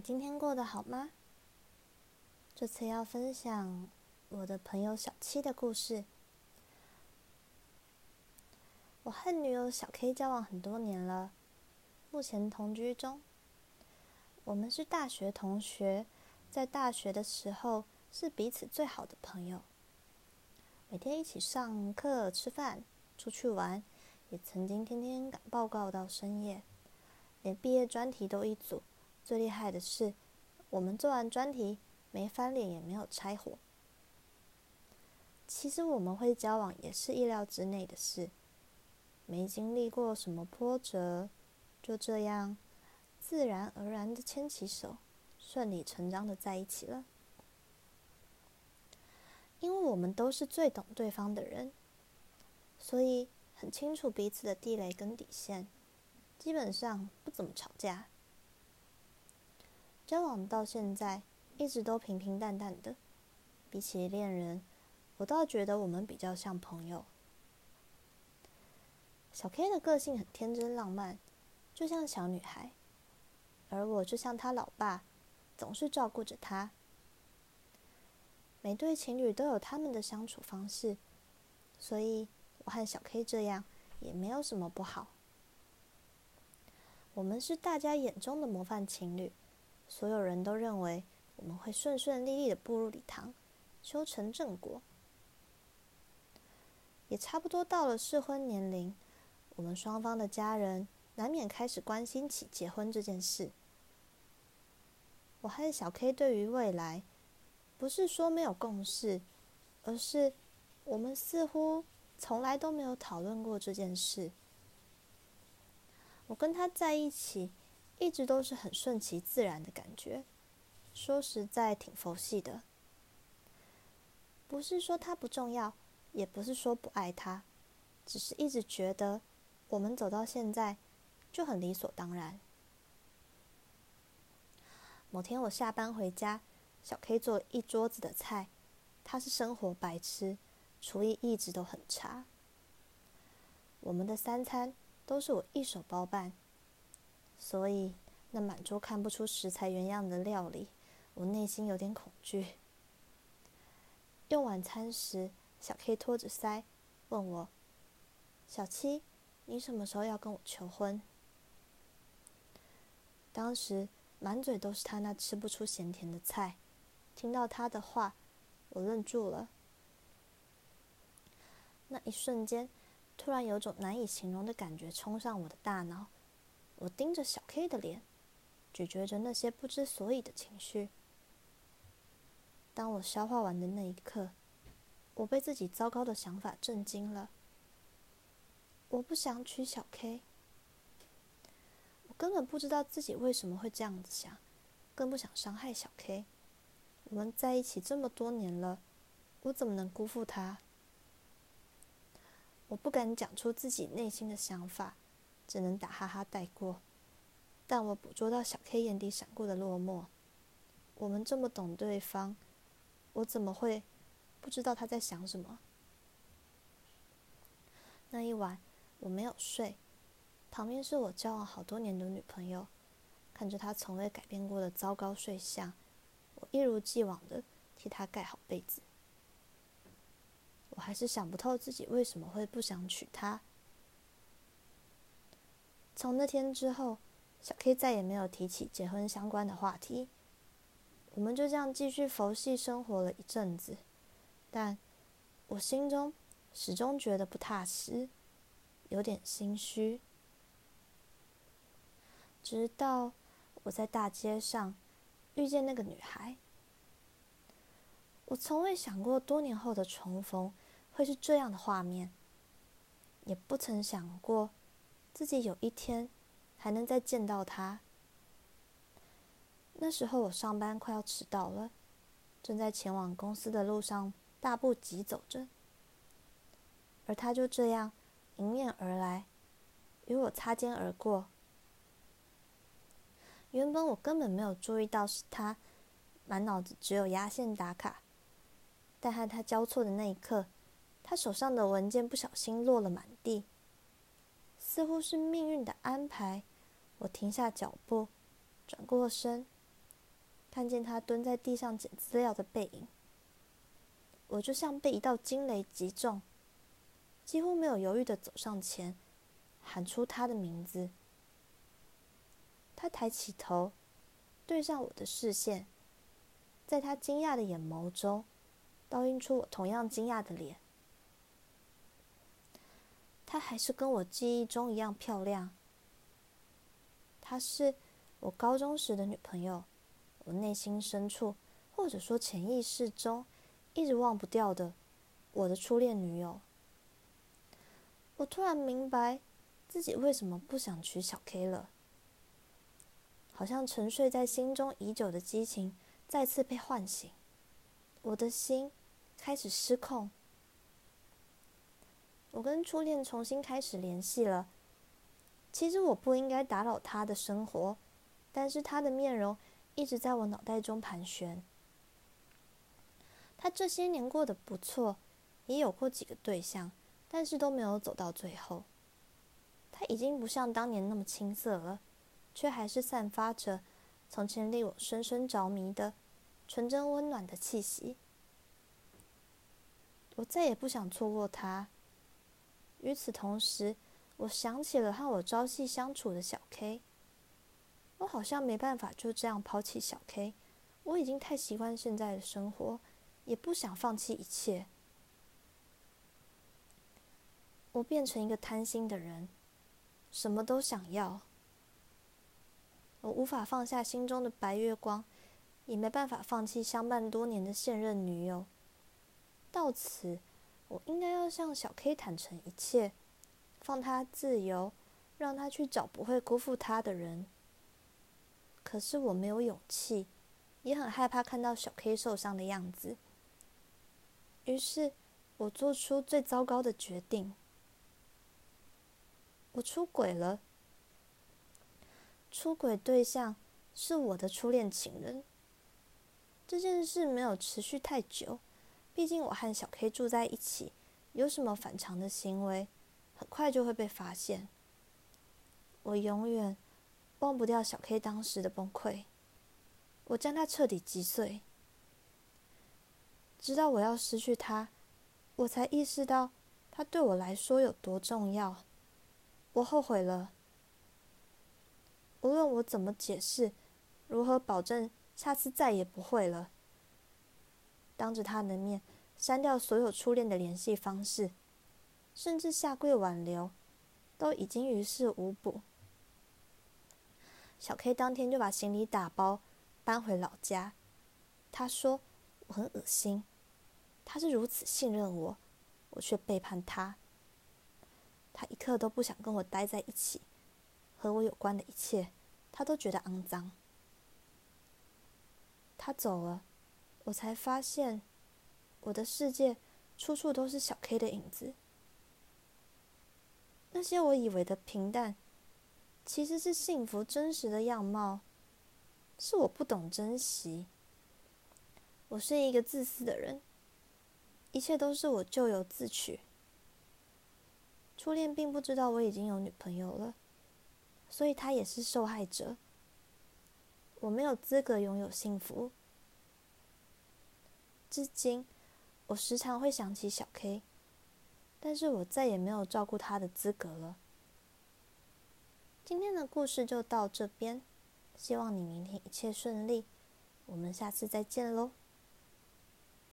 今天過得好嗎？這次要分享我的朋友小七的故事。我和女友小 K 交往很多年了，目前同居中。我們是大學同學，在大學的時候是彼此最好的朋友，每天一起上課、吃飯、出去玩，也曾經天天趕報告到深夜，連畢業專題都一組。最厲害的是，我們做完專題，沒翻臉，也沒有拆夥。其實我們會交往也是意料之內的事，沒經歷過什麼波折，就這樣自然而然的牽起手，順理成章的在一起了。因為我們都是最懂對方的人，所以很清楚彼此的地雷跟底線，基本上不怎麼吵架。交往到現在一直都平平淡淡的，比起戀人，我倒覺得我們比較像朋友。小 K 的個性很天真浪漫，就像小女孩，而我就像她老爸，總是照顧着她。每對情侶都有他們的相處方式，所以我和小 K 這樣也沒有什麼不好。我們是大家眼中的模範情侶。所有人都認為我們會順順利利的步入禮堂，修成正果。也差不多到了適婚年齡，我們雙方的家人難免開始關心起結婚這件事。我和小 K 對於未來，不是說沒有共識，而是我們似乎從來都沒有討論過這件事。我跟他在一起。一直都是很順其自然的感覺，說實在挺佛系的。不是說他不重要，也不是說不愛他，只是一直覺得我們走到現在就很理所當然。某天我下班回家，小 K 做了一桌子的菜，他是生活白痴，廚藝一直都很差。我們的三餐都是我一手包辦。所以，那滿桌看不出食材原樣的料理，我內心有點恐懼。用晚餐時，小 K 托着腮，問我：“小七，你什麼時候要跟我求婚？”當時滿嘴都是他那吃不出鹹甜的菜，聽到他的話，我愣住了。那一瞬間，突然有種難以形容的感覺衝上我的大腦。我盯着小 K 的臉，咀嚼着那些不知所以的情緒。當我消化完的那一刻，我被自己糟糕的想法震驚了。我不想娶小 K，我根本不知道自己為什麼會這樣子想，更不想傷害小 K。我們在一起這麼多年了，我怎麼能辜負他？我不敢講出自己內心的想法。只能打哈哈帶過，但我捕捉到小黑眼底閃過的落寞。我們這麼懂對方，我怎麼會不知道他在想什麼？那一晚我沒有睡，旁邊是我交往好多年的女朋友，看着她從未改變過的糟糕睡相，我一如既往的替她蓋好被子。我還是想不透自己為什麼會不想娶她。從那天之後，小 K 再也沒有提起結婚相關的話題。我們就這樣繼續佛系生活了一陣子，但，我心中始終覺得不踏實，有點心虛。直到我在大街上遇見那個女孩，我從未想過多年後的重逢會是這樣的畫面，也不曾想過。自己有一天還能再見到他。那時候我上班快要遲到了，正在前往公司的路上，大步疾走着。而他就這樣迎面而來，與我擦肩而過。原本我根本沒有注意到是他，滿腦子只有壓線打卡。但和他交錯的那一刻，他手上的文件不小心落了滿地。似乎是命運的安排，我停下腳步，轉過身，看見他蹲在地上撿資料的背影。我就像被一道驚雷擊中，幾乎沒有猶豫的走上前，喊出他的名字。他抬起頭，對上我的視線，在他驚訝的眼眸中，倒映出我同樣驚訝的臉。她還是跟我記憶中一樣漂亮。她是，我高中時的女朋友，我內心深處，或者說潛意識中，一直忘不掉的，我的初戀女友。我突然明白，自己為什麼不想娶小 K 了。好像沉睡在心中已久的激情，再次被喚醒，我的心開始失控。我跟初戀重新開始聯繫了。其實我不應該打擾他的生活，但是他的面容一直在我腦袋中盤旋。他這些年過得不錯，也有過幾個對象，但是都沒有走到最後。他已經不像當年那麼青澀了，卻還是散發着從前令我深深着迷的純真溫暖的氣息。我再也不想錯過他。與此同時，我想起了和我朝夕相處的小 K。我好像沒辦法就這樣拋棄小 K。我已經太習慣現在的生活，也不想放棄一切。我變成一個貪心的人，什麼都想要。我無法放下心中的白月光，也沒辦法放棄相伴多年的現任女友。到此。我應該要向小 K 坦誠一切，放他自由，讓他去找不會辜負他的人。可是我沒有勇氣，也很害怕看到小 K 受傷的樣子。於是，我做出最糟糕的決定：我出軌了。出軌對象是我的初戀情人。這件事沒有持續太久。畢竟我和小 K 住在一起，有什麼反常的行為，很快就會被發現。我永遠忘不掉小 K 當時的崩潰，我將他徹底擊碎，直到我要失去他，我才意識到他對我來說有多重要。我後悔了，無論我怎麼解釋，如何保證下次再也不會了。當着他的面刪掉所有初戀的聯繫方式，甚至下跪挽留，都已經於事無補。小 K 當天就把行李打包，搬回老家。他說：“我很噁心，他是如此信任我，我卻背叛他。他一刻都不想跟我待在一起，和我有關的一切，他都覺得骯髒。他走了。”我才發現，我的世界處處都是小 K 的影子。那些我以為的平淡，其實是幸福真實的樣貌，是我不懂珍惜。我是一個自私的人，一切都是我咎由自取。初戀並不知道我已經有女朋友了，所以她也是受害者。我沒有資格擁有幸福。至今，我時常會想起小 K，但是我再也沒有照顧他的資格了。今天的故事就到這邊，希望你明天一切順利，我們下次再見嘍。